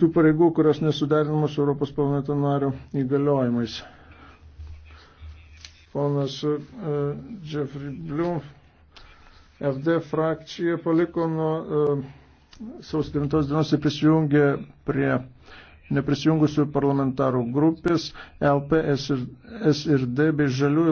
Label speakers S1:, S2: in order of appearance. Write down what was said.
S1: tų pareigų, kurios nesuderinamos Europos parlamento nario įgaliojimais. Ponas uh, Jeffrey Blum, FD frakcija paliko nuo uh, sausio 9 dienos ir prisijungė prie neprisijungusių parlamentarų grupės LPS ir, S
S2: ir D bei žaliųjų.